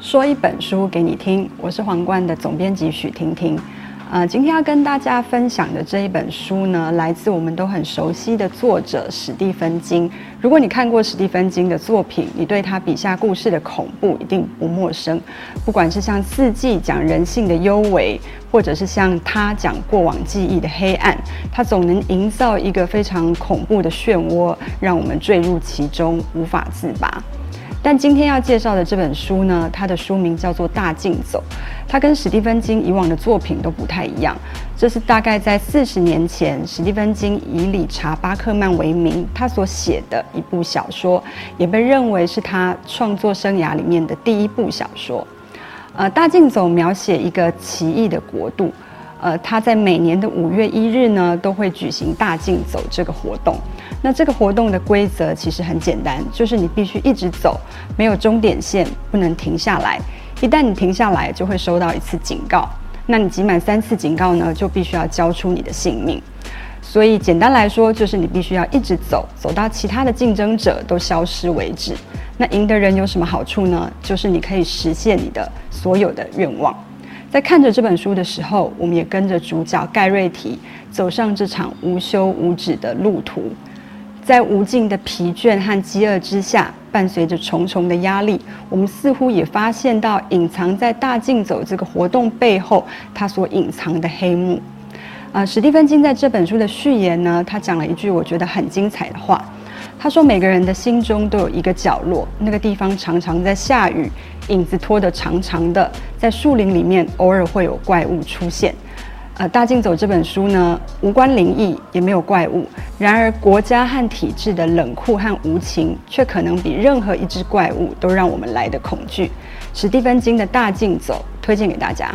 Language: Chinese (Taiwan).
說一本書給你聽，我是皇冠的總編輯許婷婷。呃，今天要跟大家分享的這一本書呢，來自我們都很熟悉的作者史蒂芬金。如果你看過史蒂芬金的作品，你對他筆下故事的恐怖一定不陌生。不管是像《四季》講人性的幽微，或者是像他講過往記憶的黑暗，他總能營造一個非常恐怖的漩渦，讓我們墜入其中，無法自拔。但今天要介紹的這本書呢，它的書名叫做《大競走》，它跟史蒂芬金以往的作品都不太一樣。這是大概在四十年前，史蒂芬金以理查·巴克曼為名，他所寫的一部小說，也被認為是他創作生涯裡面的第一部小說。呃，《大競走》描寫一個奇異的國度。呃，他在每年的五月一日呢，都會舉行大競走這個活動。那這個活動的規則其實很簡單，就是你必須一直走，沒有終點線，不能停下來。一旦你停下來，就會收到一次警告。那你集滿三次警告呢，就必須要交出你的性命。所以簡單來說，就是你必須要一直走，走到其他的競爭者都消失為止。那贏的人有什麼好處呢？就是你可以實現你的所有的願望。在看着這本書的時候，我們也跟着主角蓋瑞提走上這場無休無止的路途，在無盡的疲倦和飢餓之下，伴隨着重重的壓力，我們似乎也發現到隱藏在大競走這個活動背後它所隱藏的黑幕。啊、呃，史蒂芬金在這本書的序言呢，他講了一句我覺得很精彩的話，他說：“每個人的心中都有一個角落，那個地方常常在下雨。”影子拖得長長的，在樹林裡面，偶爾會有怪物出現。呃，《大競走》這本書呢，無關靈異，也沒有怪物。然而，國家和體制的冷酷和無情，卻可能比任何一隻怪物都讓我們來得恐懼。史蒂芬金的《大競走》推薦給大家。